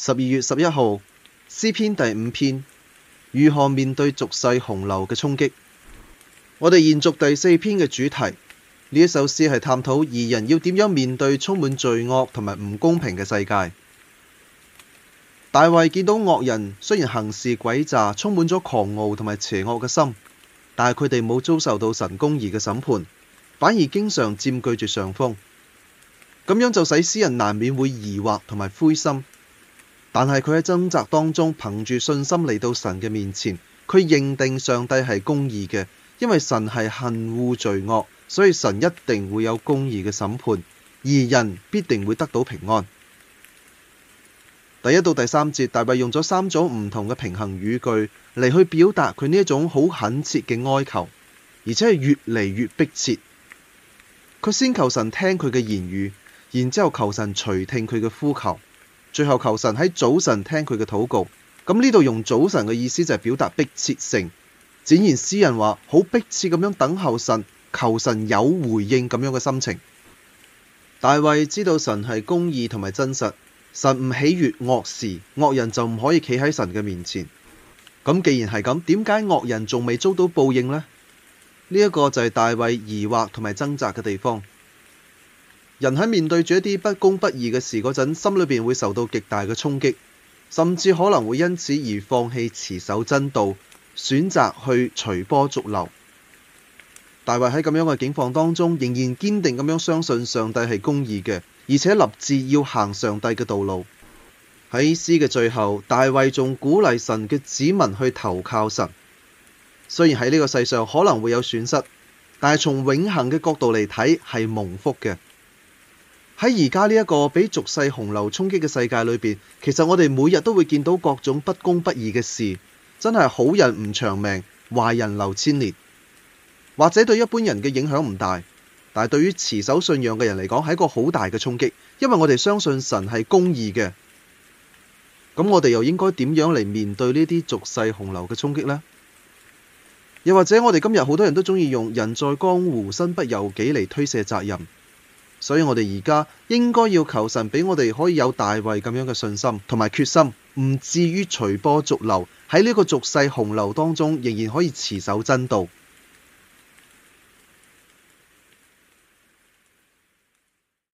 十二月十一號，詩篇第五篇，如何面對俗世洪流嘅衝擊？我哋延續第四篇嘅主題，呢一首詩係探討義人要點樣面對充滿罪惡同埋唔公平嘅世界。大衛見到惡人雖然行事詭詐，充滿咗狂傲同埋邪惡嘅心，但係佢哋冇遭受到神公義嘅審判，反而經常佔據住上風，咁樣就使詩人難免會疑惑同埋灰心。但係佢喺掙扎當中，憑住信心嚟到神嘅面前，佢認定上帝係公義嘅，因為神係恨惡罪惡，所以神一定會有公義嘅審判，而人必定會得到平安。第一到第三節，大衛用咗三種唔同嘅平行語句嚟去表達佢呢一種好懇切嘅哀求，而且係越嚟越迫切。佢先求神聽佢嘅言語，然之後求神垂聽佢嘅呼求。最後求神喺早晨聽佢嘅禱告，咁呢度用早晨嘅意思就係表達迫切性，展現詩人話好迫切咁樣等候神求神有回應咁樣嘅心情。大衛知道神係公義同埋真實，神唔喜悅惡事，惡人就唔可以企喺神嘅面前。咁既然係咁，點解惡人仲未遭到報應呢？呢一個就係大衛疑惑同埋掙扎嘅地方。人喺面對住一啲不公不義嘅事嗰陣，心裏面會受到極大嘅衝擊，甚至可能會因此而放棄持守真道，選擇去隨波逐流。大衛喺咁樣嘅境況當中，仍然堅定咁樣相信上帝係公義嘅，而且立志要行上帝嘅道路。喺詩嘅最後，大衛仲鼓勵神嘅子民去投靠神。雖然喺呢個世上可能會有損失，但係從永恆嘅角度嚟睇，係蒙福嘅。喺而家呢一個俾俗世洪流衝擊嘅世界裏邊，其實我哋每日都會見到各種不公不義嘅事，真係好人唔長命，壞人留千年。或者對一般人嘅影響唔大，但係對於持守信仰嘅人嚟講，係一個好大嘅衝擊，因為我哋相信神係公義嘅。咁我哋又應該點樣嚟面對呢啲俗世洪流嘅衝擊呢？又或者我哋今日好多人都中意用人在江湖身不由己嚟推卸責任。所以我哋而家應該要求神畀我哋可以有大衛咁樣嘅信心同埋決心，唔至於隨波逐流，喺呢個俗世洪流當中，仍然可以持守真道。